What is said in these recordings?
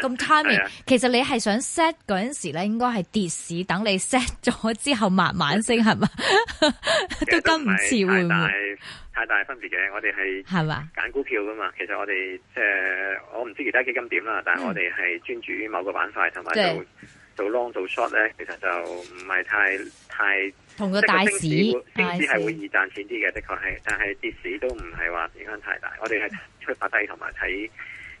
咁 timing，其實你係想 set 嗰陣時咧，應該係跌市，等你 set 咗之後慢慢升，係嘛？都跟唔切會。太大太大分別嘅，我哋係係嘛？揀股票噶嘛？其實我哋即係我唔知其他基金點啦，但係我哋係專注於某個板塊，同埋做做 long 做 short 咧，其實就唔係太太。太同個大市，升市係會易賺錢啲嘅，的確係，但係跌市都唔係話影響太大。我哋係出發低，同埋睇。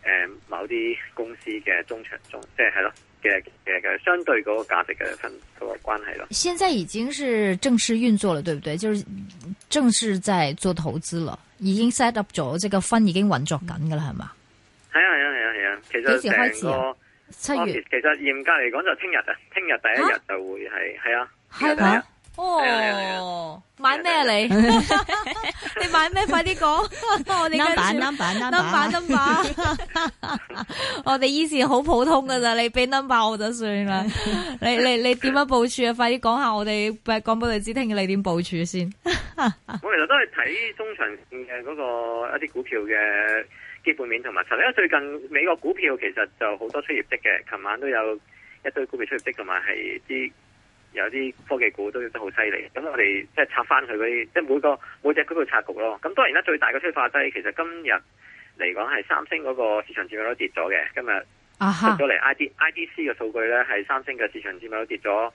誒、呃，某啲公司嘅中長中，即係咯嘅嘅嘅相對嗰個價值嘅分個關係咯。現在已經係正式運作喇，對唔對？就係正式在做投資喇，已經 set up 咗，即、這個分已經運作緊噶啦，係嘛、嗯？係啊，係啊，係啊，係啊，其實幾時開始、啊？七月，Office，其實嚴格嚟講就聽日啊，聽日第一日就會係係啊，係啊。哦，買咩啊你？你買咩？快啲講，我哋 number number number number，我哋以前好普通噶咋，你俾 number 我就算啦。你你你點樣部署啊？快啲講下，我哋講俾你知聽，你點部署先。我其實都係睇中長線嘅嗰個一啲股票嘅基本面同埋，其實最近美國股票其實就好多出業績嘅，琴晚都有一堆股票出業績，同埋係啲。有啲科技股都都好犀利，咁我哋即係拆翻佢啲，即係每個每隻股票拆局咯。咁當然啦，最大嘅催化劑其實今日嚟講係三星嗰個市場佔有率都跌咗嘅。今日出咗嚟 ID IDC 嘅數據咧，係三星嘅市場佔有率都跌咗。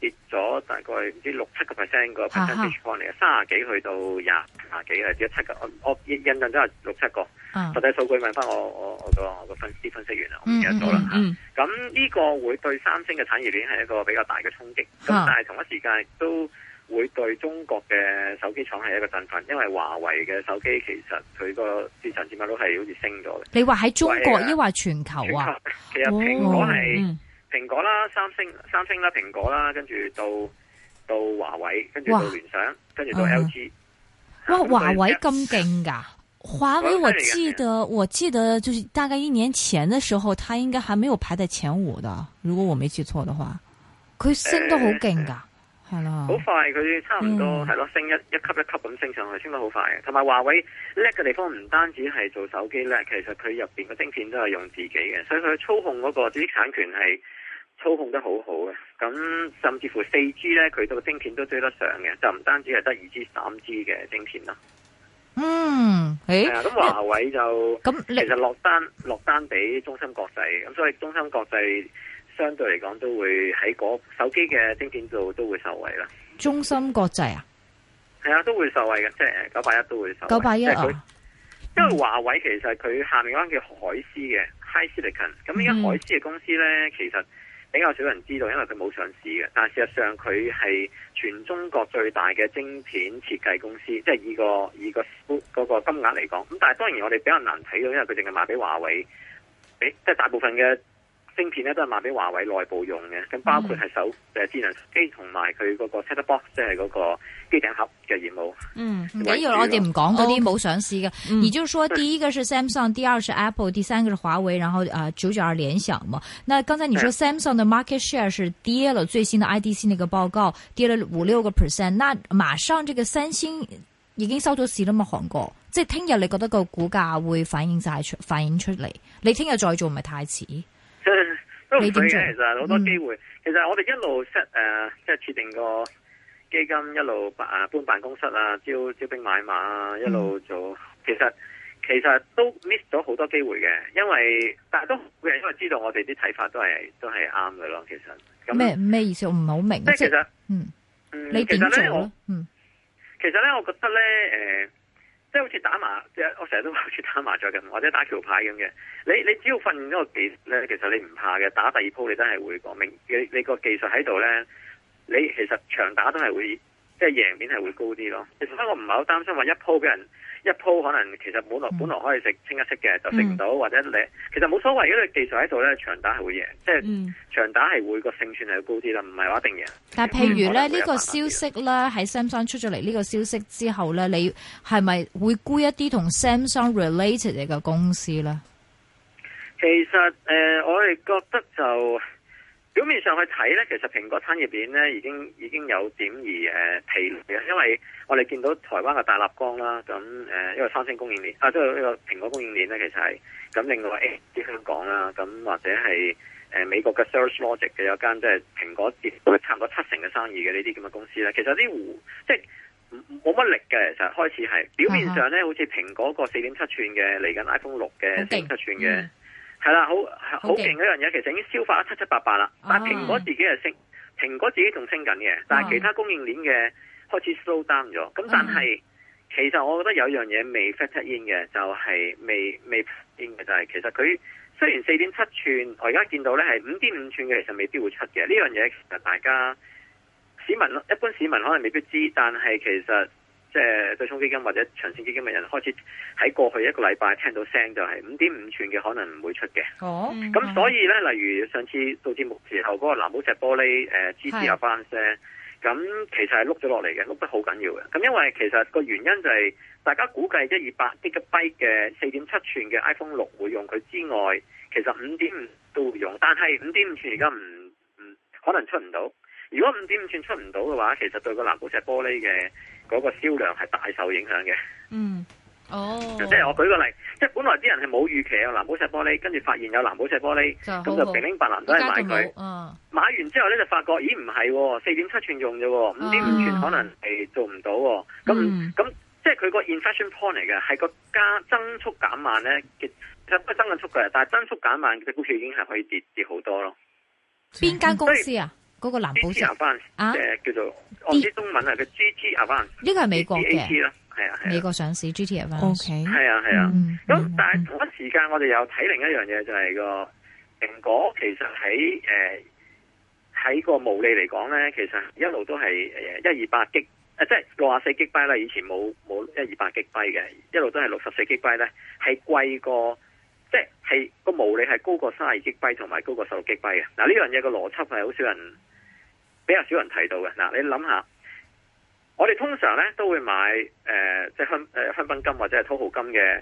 跌咗大概唔知六七個 percent 個 percentage 嚟嘅，卅幾去到廿廿幾啦，只一七個。我我印象都係六七個，實際數據問翻我我我個我個分析分析員啦，唔記得咗啦吓。咁呢、嗯嗯嗯、個會對三星嘅產業鏈係一個比較大嘅衝擊，咁、啊、但係同一時間都會對中國嘅手機廠係一個振奮，因為華為嘅手機其實佢個市場市面都係好似升咗嘅。你話喺中國，抑或全球啊？球其實蘋果係。哦嗯蘋果啦，三星，三星啦，蘋果啦，跟住到到華為，跟住到聯想，哇、跟住到 LG、嗯。哇，華為、啊、咁勁噶！華為、啊、我記得，啊、我記得就是大概一年前的時候，他應該還沒有排在前五的。如果我沒記錯的話，佢升得好勁噶，係啦。好快，佢差唔多係咯、嗯，升一，一級一級咁升上去，升得好快嘅。同埋華為叻嘅地方唔單止係做手機叻，其實佢入邊嘅晶片都係用自己嘅，所以佢操控嗰個知識產權係。操控得好好嘅，咁甚至乎四 G 咧，佢個晶片都追得上嘅，就唔單止係得二 G、三 G 嘅晶片啦。嗯，係、哎、啊，咁華為就咁，嗯、其實落單落單俾中芯國際，咁所以中芯國際相對嚟講都會喺嗰手機嘅晶片度都會受惠啦。中芯國際啊，係啊，都會受惠嘅，即係九八一都會受惠，九八一啊。因為華為其實佢下面嗰間叫海思嘅、嗯、High Silicon，咁依家海思嘅公司咧，嗯、其實。比較少人知道，因為佢冇上市嘅，但事實上佢係全中國最大嘅晶片設計公司，即係依個依個嗰個金額嚟講，咁但係當然我哋比較難睇到，因為佢淨係賣俾華為，誒，即係大部分嘅。芯片咧都係賣俾華為內部用嘅，咁包括係手誒智、嗯、能機同埋佢嗰個 set top box，即係嗰個機頂盒嘅業務。嗯，唔緊要，的我哋唔講嗰啲冇上市嘅。而、哦 okay. 你就說第一個是 Samsung，第二是 Apple，第三個是華為，然後啊九九二聯想嘛。那剛才你說對 Samsung 的 market share 是跌了，最新的 IDC 那個報告跌了五六個 percent，嗱，馬上這個三星已經收咗市啦嘛，韓國，即係聽日你覺得個股價會反映晒出反映出嚟？你聽日再做咪太遲？所以其實好多機會。嗯、其實我哋一路 set,、uh, 設誒，即係設定個基金，一路辦搬辦公室啊，招招兵買馬啊，一路做。嗯、其實其實都 miss 咗好多機會嘅，因為大家都因為知道我哋啲睇法都係都係啱嘅咯。其實咩咩意思？我唔係好明。即係其實，嗯嗯，你點做咧？嗯，呢其實咧，嗯、其實我覺得咧，誒、呃。即係好似打麻，即係我成日都話好似打麻雀咁，或者打橋牌咁嘅。你你只要訓練嗰個技術咧，其實你唔怕嘅。打第二鋪你真係會講明，你你個技術喺度咧，你其實長打都係會。即係贏面係會高啲咯。其實咧，我唔係好擔心話一鋪俾人一鋪，可能其實本來、嗯、本來可以食清一色嘅，就食唔到，嗯、或者你其實冇所謂，因為技術喺度咧，長打係會贏，即係、嗯、長打係會個勝算係高啲啦。唔係話一定贏。但係譬如咧，呢個消息咧喺 Samsung 出咗嚟呢個消息之後咧，你係咪會沽一啲同 Samsung related 嘅公司咧？其實誒、呃，我哋覺得就。表面上去睇咧，其實蘋果產業鏈咧已經已經有點而誒疲勞嘅，因為我哋見到台灣嘅大立光啦，咁誒因為三星供應鏈啊，即係呢個蘋果供應鏈咧，其實係咁令到話誒啲香港啦，咁、欸、或者係誒、呃、美國嘅 Sales Logic 嘅有間即係蘋果佔差唔多七成嘅生意嘅呢啲咁嘅公司咧，其實啲湖即係冇乜力嘅，其實開始係表面上咧，uh huh. 好似蘋果個四點七吋嘅嚟緊 iPhone 六嘅四點七吋嘅。定係啦，好好勁嗰樣嘢其實已經消化得七七八八啦。但係蘋果自己係升，蘋、oh, yes. 果自己仲升緊嘅，但係其他供應鏈嘅開始收單咗。咁但係、oh, yes. 其實我覺得有樣嘢未 factor in 嘅，就係、是、未未 in 嘅就係、是、其實佢雖然四點七寸，我而家見到咧係五點五寸嘅，其實未必會出嘅。呢樣嘢其實大家市民一般市民可能未必知，但係其實。誒，對沖基金或者長線基金嘅人開始喺過去一個禮拜聽到聲，就係五點五寸嘅可能唔會出嘅。哦，咁所以呢，嗯、例如上次到至目前候嗰、那個藍寶石玻璃誒支持下翻聲，咁、呃是啊、其實係碌咗落嚟嘅，碌得好緊要嘅。咁因為其實個原因就係、是、大家估計一二八呢嘅低嘅四點七寸嘅 iPhone 六會用佢之外，其實五點五都會用，但係五點五寸而家唔唔可能出唔到。如果五點五寸出唔到嘅話，其實對個藍寶石玻璃嘅嗰個銷量係大受影響嘅。嗯，哦，即係我舉個例子，即係本來啲人係冇預期有藍寶石玻璃，跟住發現有藍寶石玻璃，咁就平是零白蘭都係買佢。嗯，買完之後咧就發覺，咦唔係，四點七寸用啫，五點五寸可能係做唔到，哦。咁咁，嗯嗯，即係佢個 inflection point 嚟嘅，係個加增速減慢咧，其實都增緊速嘅，但係增速減慢佢股票已經係可以跌跌好多咯。邊間公司啊？嗰個藍寶石誒，叫做我唔知中文係叫 G T Advance，呢個係美國嘅，AT, 啊啊、美國上市 G T Advance 係啊係啊，咁但係同一時間我哋又睇另一樣嘢，就係、是、個蘋果其實喺誒喺個毛利嚟講咧，其實一路都係誒一二百 G 誒即係六十四 G B、啊、啦，就是、GB, 以前冇冇一二百 G B 嘅，一路都係六十四 G B 咧，係貴過。即係、那個毛利係高過三十二擊塊同埋高過十六擊塊嘅，嗱呢樣嘢個邏輯係好少人比較少人提到嘅，嗱你諗下，我哋通常呢都會買誒、呃、即香誒、呃、香檳金或者係土豪金嘅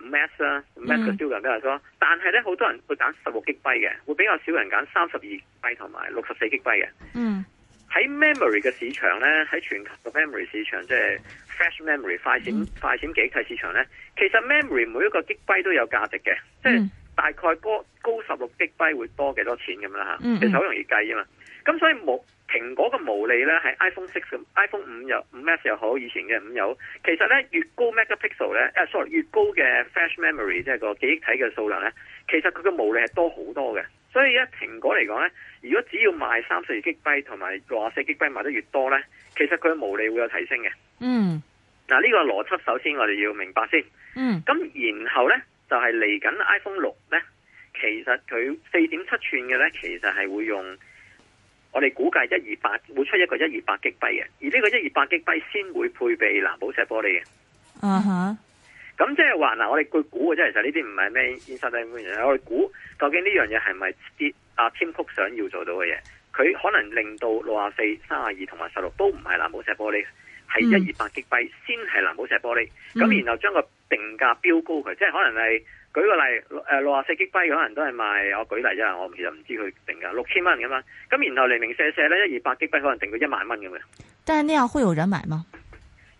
五 S 啦 m a c a s t u d i a 比較多，但係呢，好多人會揀十六擊塊嘅，會比較少人揀三十二億同埋六十四億塊嘅。Mm. 喺 memory 嘅市場咧，喺全球嘅 memory 市場，即係 flash memory 快閃快閃記憶體市場咧，其實 memory 每一個激低都有價值嘅，即係、嗯、大概高高十六激低會多幾多錢咁啦嚇，其實好容易計啊嘛。咁、嗯嗯、所以無蘋果嘅毛利咧，喺 iPhone six、iPhone 五又五 s 又好，以前嘅五有，其實咧越高 megapixel 咧、啊、sorry，越高嘅 flash memory 即係個記憶體嘅數量咧，其實佢嘅毛利係多好多嘅。所以一蘋果嚟講咧，如果只要賣三四十億塊同埋六十四億塊賣得越多咧，其實佢嘅毛利會有提升嘅。嗯，嗱呢個邏輯首先我哋要明白先。嗯，咁然後咧就係、是、嚟緊 iPhone 六咧，其實佢四點七吋嘅咧，其實係會用我哋估計一二八，會出一個一二八億塊嘅，而呢個一二八億塊先會配備藍寶石玻璃嘅。嗯哼、uh。Huh. 咁即係話嗱，我哋據估嘅即係，其實呢啲唔係咩 inside 我哋估究竟呢樣嘢係咪啲阿 Tim Cook 想要做到嘅嘢？佢可能令到六十四、三十二同埋十六都唔係藍寶石玻璃，係一二百 GB 先係藍寶石玻璃。咁然後將個定價標高佢，嗯、即係可能係舉個例，誒六十四 GB 可能都係賣，我舉例啫，我其實唔知佢定價六千蚊咁樣。咁然後零零射射咧，一二百 GB 可能定到一萬蚊咁樣。但係呢樣會有人買嗎？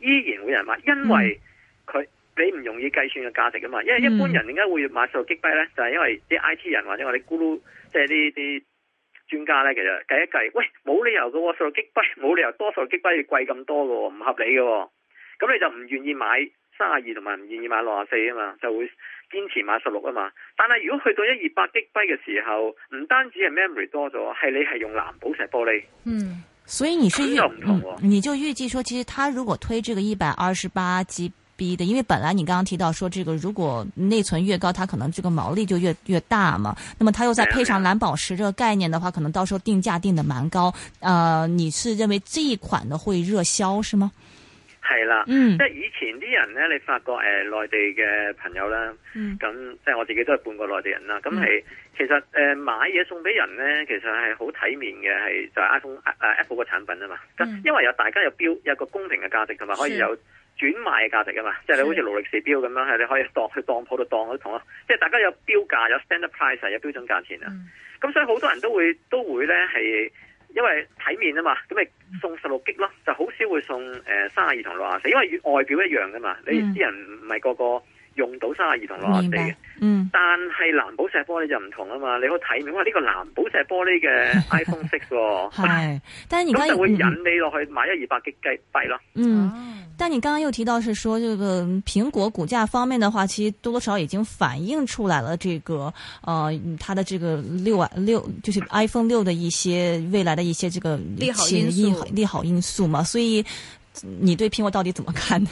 依然會有人買，因為佢、嗯。你唔容易計算嘅價值噶嘛？因為一般人點解會買十六 GB 咧？嗯、就係因為啲 I T 人或者我哋咕嚕即係呢啲專家咧，其實計一計，喂，冇理由嘅、哦，十六 GB 冇理由多十六 GB 要貴咁多嘅，唔合理嘅、哦。咁你就唔願意買三十二同埋唔願意買六十四啊嘛，就會堅持買十六啊嘛。但係如果去到一二百 GB 嘅時候，唔單止係 memory 多咗，係你係用藍寶石玻璃。嗯，所以你是預、嗯、你就預計說，其實他如果推這個一百二十八 G B 的，因為本來你剛剛提到說，這個如果內存越高，它可能這個毛利就越越大嘛。那麼它又再配上藍寶石這個概念的話，可能到時候定價定得蠻高。呃，你是認為這一款呢會熱銷是嗎？係啦了，嗯，即係以前啲人呢，你發覺誒，內地嘅朋友啦，嗯，咁即係我自己都係半個內地人啦，咁係、嗯、其實誒買嘢送俾人呢，其實係好體面嘅，係就係、是、iPhone 誒 Apple 嘅產品啊嘛。嗯、因為有大家有標有個公平嘅價值，同埋可以有。轉賣嘅價值啊嘛，即係你好似勞力士表咁樣，係你可以當去當鋪度當都同咯。即係大家有標價，有 standard price，有標準價錢啊。咁，mm. 所以好多人都會都會咧，係因為體面啊嘛，咁咪送十六級咯，就好少會送誒三十二同六十四，呃、GB, 因為外表一樣噶嘛，mm. 你啲人唔係個個。用到三十二同六十四。嗯，但係藍寶石玻璃就唔同啊嘛，你可以睇明，哇，呢，這個藍寶石玻璃嘅 iPhone、哦、Six，係、 嗯，但係你而家就會引你落去買一二百幾雞幣咯。嗯，嗯，但你剛剛又提到是說，這個蘋果股價方面的話，其實多多少已經反映出來了，這個，呃，它的這個六啊六，就是 iPhone 六的一些 未來的一些這個利好因素，利好因素嘛，所以你對蘋果到底怎麼看呢？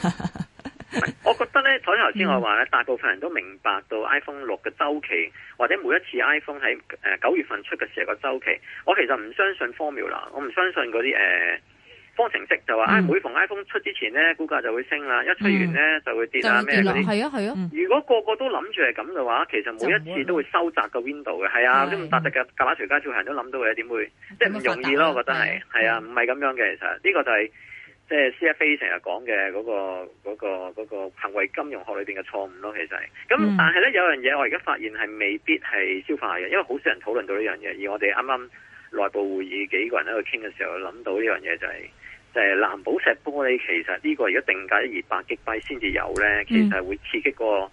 咧，睇頭先我話咧，大部分人都明白到 iPhone 六嘅周期，或者每一次 iPhone 喺誒九月份出嘅時候個周期。我其實唔相信 Formula，我唔相信嗰啲誒方程式就話，每逢 iPhone 出之前咧，股價就會升啦，一出完咧就會跌啦咩嗰啲。係啊，係啊。如果個個都諗住係咁嘅話，其實每一次都會收窄個 window 嘅。係啊，啲咁大隻嘅蛤乸隨街跳都諗到嘅，點會即係唔容易咯？我覺得係。係啊，唔係咁樣嘅，其實呢個就係。即係 CFA 成日講嘅嗰個嗰、那個嗰、那個那個行為金融學裏邊嘅錯誤咯，其實，咁但係呢、mm. 有樣嘢我而家發現係未必係消化嘅，因為好少人討論到呢樣嘢。而我哋啱啱內部會議幾個人喺度傾嘅時候諗到呢樣嘢就係、是，就係、是、藍寶石玻璃其實呢個而家定價二百億塊先至有呢，其實會刺激個誒、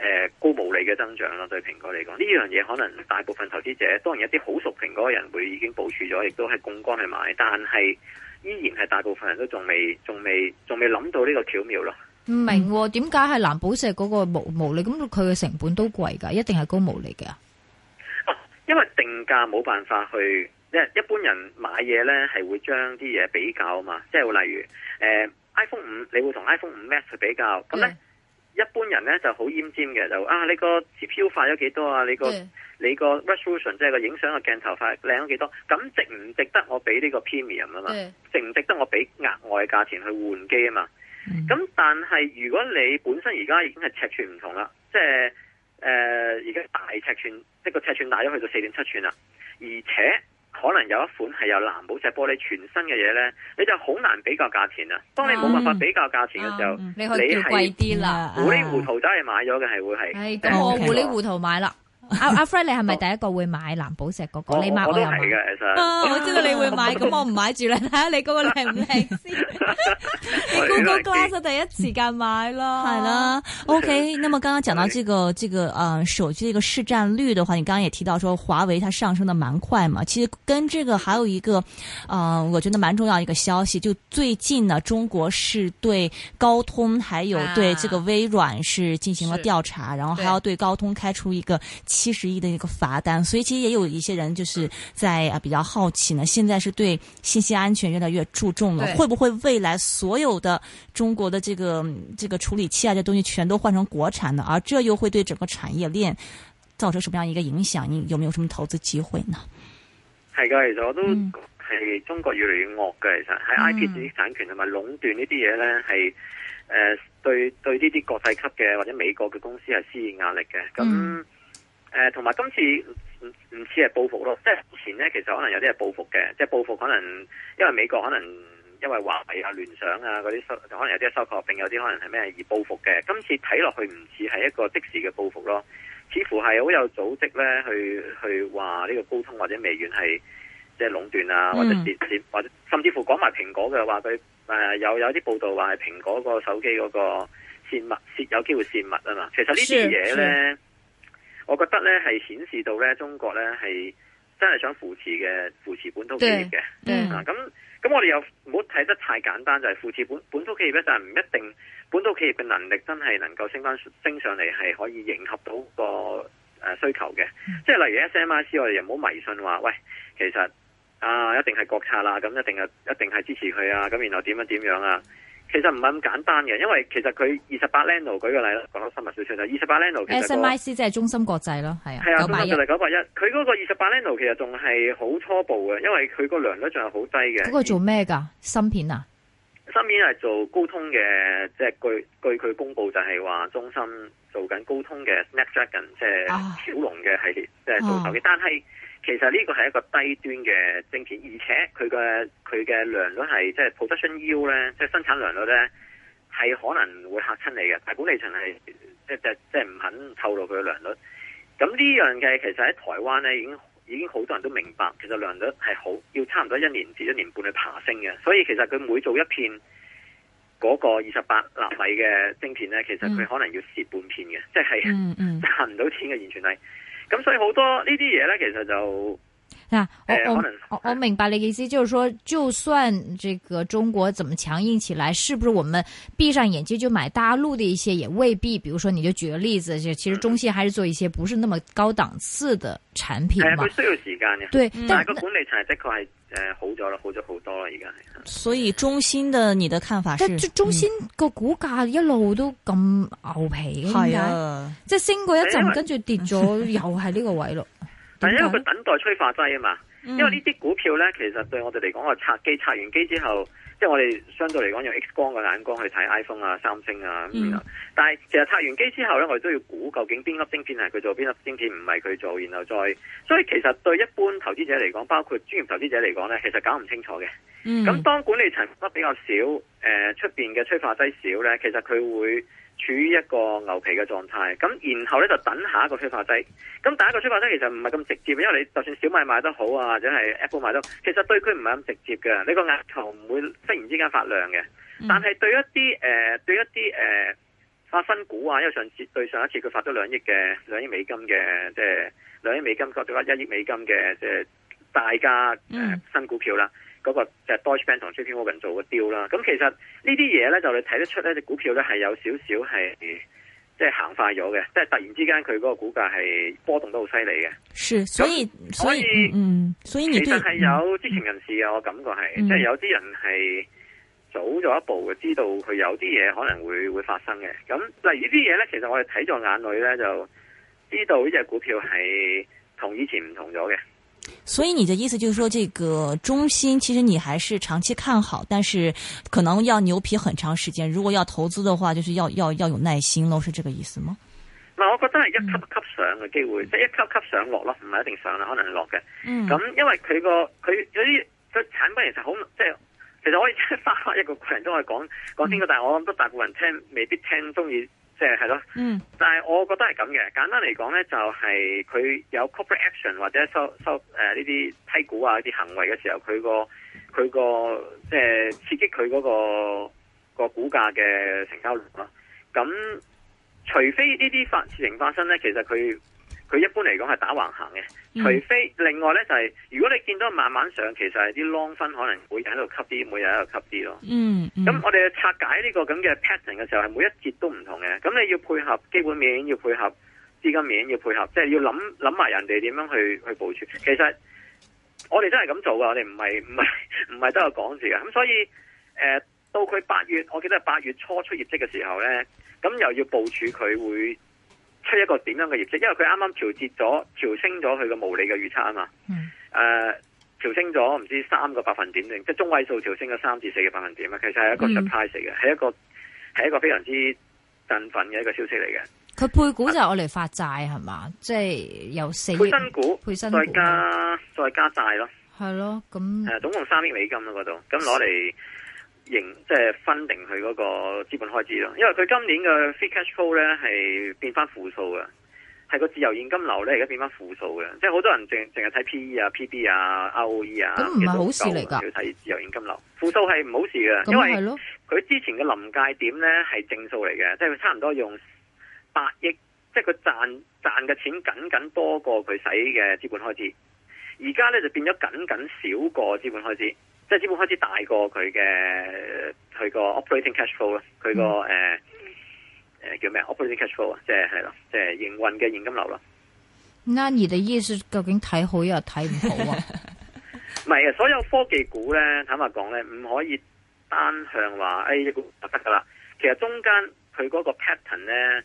呃、高毛利嘅增長啦。對蘋果嚟講呢樣嘢可能大部分投資者，當然一啲好熟蘋果嘅人會已經部署咗，亦都係槓桿去買，但係。依然係大部分人都仲未，仲未，仲未諗到呢個巧妙咯。唔明點解係藍寶石嗰個毛利，咁佢嘅成本都貴噶，一定係高毛利㗎、啊！因為定價冇辦法去，一一般人買嘢呢係會將啲嘢比較嘛，即係例如，誒、呃、iPhone 五你會同 iPhone 五 Max 去比較，咁、嗯、呢一般人咧就好奄尖嘅，就啊你個截片快咗幾多啊？你個、啊、你個 resolution 即係個影相嘅鏡頭快靚咗幾多？咁值唔值得我俾呢個 premium 啊？嘛，Yeah. 值唔值得我俾額外嘅價錢去換機啊？嘛，咁但係如果你本身而家已經係尺寸唔同啦，即係誒而家大尺寸，即個尺寸大咗去到四點七寸啦，而且。可能有一款係有藍寶石玻璃全新嘅嘢咧，你就好難比較價錢啦。當你冇辦法比較價錢嘅時候，啊啊嗯、你係貴啲啦，糊裏糊塗都係買咗嘅，係會係。係咁，我糊裏糊塗買啦。阿 阿 Fred 你係咪第一個會買藍寶石嗰、那個？你買我又買其實、啊。我知道你會買，咁我唔買住咧。睇下你嗰個靚唔靚先。 你 Google Glass 第一時間買咯。係 不 啦，OK。那麼剛剛講到這個這個，呃，手機的一個市占率的話，你剛剛也提到說華為它上升得蠻快嘛。其實跟這個還有一個，呃，我覺得蠻重要一個消息，就最近呢，中國是對高通還有對這個微軟是進行了調查，啊、然後還要對高通開出一個七十億的一個罰單，所以其實也有一些人就是在啊比較好奇呢。現在是對信息安全越來越注重了，的會不會未來所有的中國的這個這個處理器啊這個、東西全都換成國產的？而這又會對整個產業鏈造成什麼樣一個影響？你有沒有什麼投資機會呢？係㗎其實我都係、嗯、中國越來越惡㗎其實喺 IP 自己產權同埋壟斷這些東西呢啲嘢咧，係誒、呃、對對呢啲國際級嘅或者美國嘅公司係施以壓力嘅咁誒，同埋、呃、今次唔唔似係報復咯，即係以前咧，其實可能有啲係報復嘅，即係報復可能因為美國可能因為華為聯想啊、聯想啊嗰啲收，可能有啲收購，並有啲可能係咩而報復嘅。今次睇落去唔似係一個即時嘅報復咯，似乎係好有組織咧去去話呢個高通或者微軟係即係壟斷啊，嗯、或者涉涉或者甚至乎講埋蘋果嘅話，佢、呃、誒有有啲報道話係蘋果手機個手機嗰個洩密洩有機會洩密啊嘛。其實呢啲嘢咧。我覺得咧係顯示到咧中國咧係真係想扶持嘅扶持本土企業嘅，嗯啊咁咁我哋又唔好睇得太簡單，就係、是、扶持本本土企業咧，但係唔一定本土企業嘅能力真係能夠升翻升上嚟，係可以迎合到個誒需求嘅。嗯、即係例如 S M I C，我哋又唔好迷信話，喂，其實啊一定係國策啦，咁一定啊一定係支持佢啊，咁然後點樣點樣啊？其實唔係咁簡單嘅，因為其實佢二十八 nano 舉個例子，講到深入少少就，二十八 nano S M I C 即係中心國際咯，係啊，九百一。佢嗰個二十八 nano 其實仲係好初步嘅，因為佢個良率仲係好低嘅。嗰個做咩噶？芯片啊？芯片係做高通嘅，即係據據佢公布就係話，中心做緊高通嘅 Snapdragon 即係驍龍嘅系列，即係做手機，啊、但係。其實呢個係一個低端嘅晶片，而且佢嘅佢嘅良率係即係 production yield 咧，即係生產良率咧，係可能會嚇親你嘅，但係管理層係即係即係唔肯透露佢嘅良率。咁呢樣嘅其實喺台灣咧已經已經好多人都明白，其實良率係好要差唔多一年至一年半去爬升嘅。所以其實佢每做一片嗰個二十八納米嘅晶片咧，其實佢可能要蝕半片嘅，嗯、即係賺唔到錢嘅，完全係。咁所以好多呢啲嘢咧，其實就嗱，我、欸、我能我，我明白你意思，就是說，就算這個中國怎麼強硬起來，是不是我們閉上眼睛就買大陸的一些，也未必？比如說，你就舉個例子，就其實中性還是做一些不是那麼高檔次的產品，嘛係佢、嗯、需要時間嘅，對，但，但個管理層的確係。誒，好咗啦，好咗好多啦，而家係。所以中芯嘅你嘅看法，即係中芯個股價一路都咁牛皮係啊，即係升過一陣，跟住跌咗又係呢個位咯。但係因為佢等待催化劑啊嘛，因為呢啲股票咧，其實對我哋嚟講，話拆機拆完機之後。即係我哋相對嚟講用 X 光嘅眼光去睇 iPhone 啊、三星啊咁樣，嗯、但係其實拆完機之後咧，我哋都要估究竟邊粒芯片係佢做，邊粒芯片唔係佢做，然後再，所以其實對一般投資者嚟講，包括專業投資者嚟講咧，其實搞唔清楚嘅。咁、嗯、當管理層得比較少，誒出邊嘅催化劑少咧，其實佢會。處於一個牛皮嘅狀態，咁然後呢，就等下一個催化劑。咁第一個催化劑其實唔係咁直接，因為你就算小米賣得好啊，或者係 Apple 賣得好，其實對佢唔係咁直接嘅。你個額頭唔會忽然之間發亮嘅。但係對一啲誒、呃、對一啲誒，新、呃、股啊，因為上次對上一次佢發咗兩億嘅兩億美金嘅，即係兩億美金或者一億美金嘅即係大家誒、呃、新股票啦。嗯嗰、嗰個就係 Deutsche Bank 同 J.P. Morgan 做個 deal 啦。咁其實呢啲嘢咧，就你睇得出咧，隻股票咧係有少少係即係行快咗嘅，即係突然之間佢嗰個股價係波動得好犀利嘅。所以，那，所以，嗯，所以你其實係有知情人士嘅，我感覺係即係有啲人係早咗一步嘅，知道佢有啲嘢可能會會發生嘅。咁例如呢啲嘢咧，其實我哋睇咗眼裏咧，就知道呢隻股票係同以前唔同咗嘅。所以你的意思就是說，這個中芯其實你還是長期看好，但是可能要牛皮很長時間。如果要投資的話，就是要要要有耐心嘍，是這個意思嗎？嗱，我覺得係一級一級上嘅機會，嗯、即係一級一級上落咯，唔係一定上啦，可能係落嘅。嗯，咁因為佢個佢有啲個產品就是很其實好，即係其實可以即翻花一個群都可以講講清楚，但係我諗都大部分人聽未必聽中意。即係係咯，係嗯、但係我覺得係咁嘅。簡單嚟講咧，就係佢有 corporate action 或者收收誒呢啲批股啊啲行為嘅時候，佢個佢個即係、即係、刺激佢嗰、嗰個、嗰個股價嘅成交量咯。咁除非呢啲發事情發生咧，其實佢。佢一般嚟講係打橫行嘅，除非另外呢就係如果你見到慢慢上，其實係啲 long 分可能會喺度吸啲，每日喺度吸啲咯。嗯。嗯，咁我哋拆解呢個咁嘅 pattern 嘅時候，係每一節都唔同嘅。咁你要配合基本面，要配合資金面，要配合，即係要諗諗埋人哋點樣去去部署。其實我哋真係咁做噶，我哋唔係唔係唔係得個講字㗎。咁所以，誒、呃，到佢八月，我記得係八月初出業績嘅時候呢，咁又要部署佢會出一個點樣嘅業績，因為佢啱啱調節咗、調升咗佢嘅無理嘅預測啊嘛，誒、嗯，調、呃、升咗唔知三個百分點定即係中位數調升咗三至四個百分點啊，其實係一個 surprise 嘅，係一個係一個非常之振奮嘅一個消息嚟嘅。佢配股就係我嚟發債係嘛，即係由四配新股配新股再加再加債咯，係咯，咁誒，總共三億美金咯嗰度，咁攞嚟。仍即係分定佢嗰個資本開支咯，因為佢今年嘅 free cash flow 咧係變翻負數嘅，係個自由現金流咧而家變翻負數嘅，即係好多人淨淨係睇 P E 啊、P B 啊、R O E 啊，咁唔係好事嚟噶。要睇自由現金流，負數係唔好事嘅，因為佢之前嘅臨界點咧係正數嚟嘅，即係佢差唔多用八億，即係佢賺賺嘅錢僅僅多過佢使嘅資本開支，而家咧就變咗僅僅少過資本開支。即係基本開始大過佢嘅，佢個 operating cash flow 啦，佢個誒誒叫咩？operating cash flow 啊，即係係咯，即係營運嘅現金流啦。那你的意思究竟睇好又睇唔好啊？唔係啊，所有科技股咧，坦白講咧，唔可以單向話誒，一、哎這個、股就得噶啦。其實中間佢嗰個 pattern 咧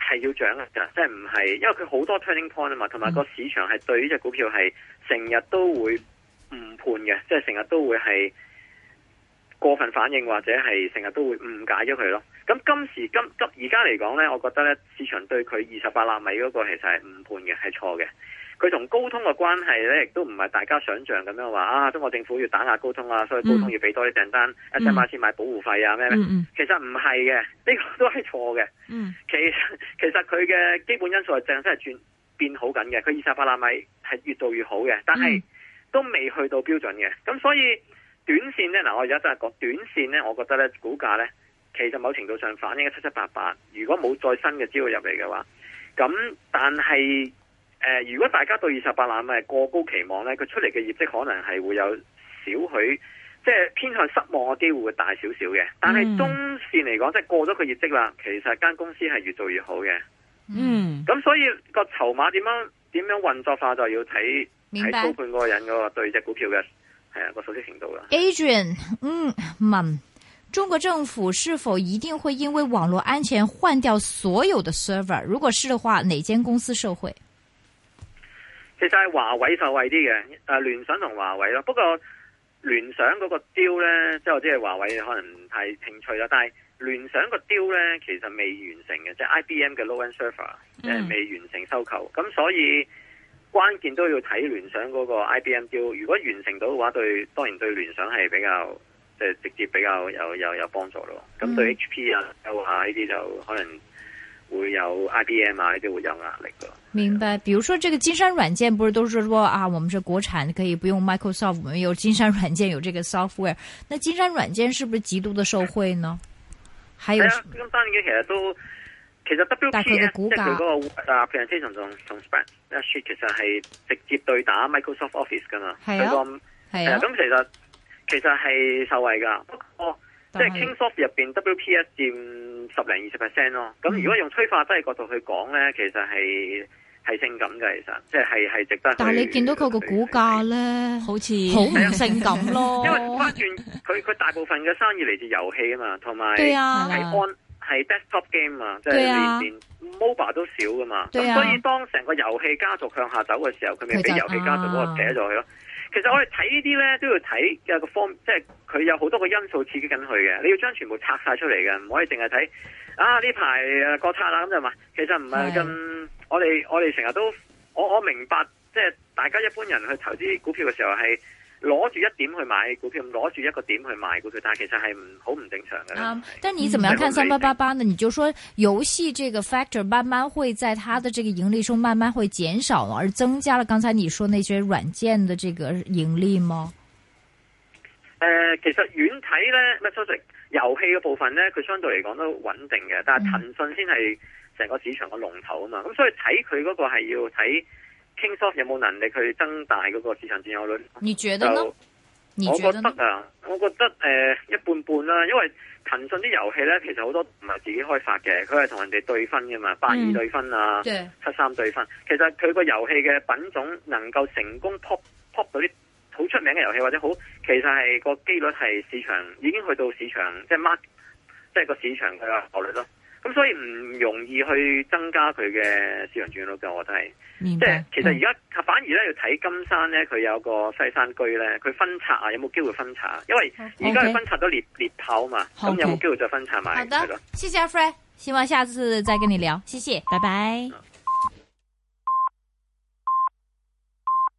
係要掌握噶，即係唔係，因為佢好多 turning point 啊嘛，同埋個市場係對呢隻股票係成日都會，誤判嘅，即係成日都會係過分反應，或者係成日都會誤解咗佢咯。咁今時今今而家嚟講呢，我覺得呢市場對佢二十八納米嗰個其實係誤判嘅，係錯嘅。佢同高通嘅關係呢，亦都唔係大家想象咁樣話啊，中國政府要打壓高通啊，所以高通要畀多啲訂單，嗯、一再買先買保護費啊，咩咩？其實唔係嘅，呢個都係錯嘅。其實其實佢嘅基本因素係正係係轉變好緊嘅，佢二十八納米係越做越好嘅，但係。嗯都未去到標準嘅，咁所以短線呢，嗱我而家真係講短線呢。我覺得呢，股價呢，其實某程度上反映咗七七八八。如果冇再新嘅資料入嚟嘅話，咁但係、呃、如果大家對二十八攬咪過高期望呢，佢出嚟嘅業績可能係會有少許即係偏向失望嘅機會會大少少嘅。但係中線嚟講，mm. 即係過咗個業績啦，其實間公司係越做越好嘅。嗯，咁所以個籌碼點樣點樣運作化就要睇。係高判嗰個人嗰個對隻股票嘅係啊個熟悉程度啦。Adrian，的嗯問、嗯，中國政府是否一定會因為網絡安全換掉所有嘅 server？如果是嘅話，哪間公司受惠？其實係華為受惠啲嘅，誒聯想同華為咯。不過聯想嗰個 deal 咧，即係即係華為可能唔太興趣啦。但係聯想個 deal 咧，其實未完成嘅，即係 IBM 嘅 low end server，即係未完成收購，咁所以。關鍵都要睇聯想嗰個 IBM deal，如果完成到嘅話，對當然對聯想係比較即係、就是、直接比較有有有幫助咯。咁對 HP 啊、歐華呢啲就可能會有 IBM 啊呢啲會有壓力噶。明白，是比如說這個金山軟件，不是都說說啊，我們是國產，可以不用 Microsoft，我們有金山軟件，有這個 software。那金山軟件是不是極度的受惠呢？啊、還有，咁當然其實都。其實 WPS 即係佢嗰個啊 presentation 同同 spreadsheet，WPS 其實係直接對打 Microsoft Office 噶嘛，佢係咁，其實其實係受惠噶，哦，即係 Kingsoft 入邊 WPS 佔十零二十 percent 咯。咁如果用催化劑嘅角度去講咧，其實係係性感噶，其實即係係值得。但係你見到佢個股價咧，好似好唔性感咯，因為翻轉佢佢大部分嘅生意嚟自遊戲啊嘛，同埋睇安。係 desktop game 啊，即係連連 mobile 都少噶嘛，咁、啊、所以當成個遊戲家族向下走嘅時候，佢咪俾遊戲家族嗰個擠咗去咯。其實我哋睇呢啲咧，都要睇有個方，即係佢有好多個因素刺激緊佢嘅。你要將全部拆晒出嚟嘅，唔可以淨係睇啊呢排誒拆差啦咁就嘛、是。其實唔係咁，我哋我哋成日都我我明白，即係大家一般人去投資股票嘅時候係。攞住一點去買股票，攞住一個點去賣股票，但係其實係唔好唔正常嘅、啊。但係你怎麼樣看三八八八呢？嗯、你就說遊戲這個 factor 慢慢會在它的這個盈利中慢慢會減少，而增加了剛才你說那些軟件的這個盈利嗎？誒、呃，其實遠睇呢唔係 sorry 遊戲嘅部分呢，佢相對嚟講都穩定嘅。但係騰訊先係成個市場嘅龍頭啊嘛，咁、嗯嗯、所以睇佢嗰個係要睇。Kingsoft 有冇能力去增大嗰個市場佔有率？你覺得呢？就我覺得啊，我覺得誒、呃、一半半啦、啊，因為騰訊啲遊戲咧，其實好多唔係自己開發嘅，佢係同人哋對分嘅嘛，八二對分啊，七三、嗯、對分。對其實佢個遊戲嘅品種能夠成功 pop pop 到啲好出名嘅遊戲，或者好其實係個幾率係市場已經去到市場，即、就、係、是、mark，即係個市場佢啊，效率咯。咁、嗯、所以唔容易去增加佢嘅市場轉率嘅，我睇，白即係其實而家、嗯、反而咧要睇金山咧，佢有個西山居咧，佢分拆啊，有冇機會分拆？因為而家分拆咗獵獵豹啊嘛，咁、啊 okay 嗯、有冇機會再分拆埋？係、okay、吧好的，謝謝阿 Fred，希望下次再跟你聊，謝謝，拜拜。嗯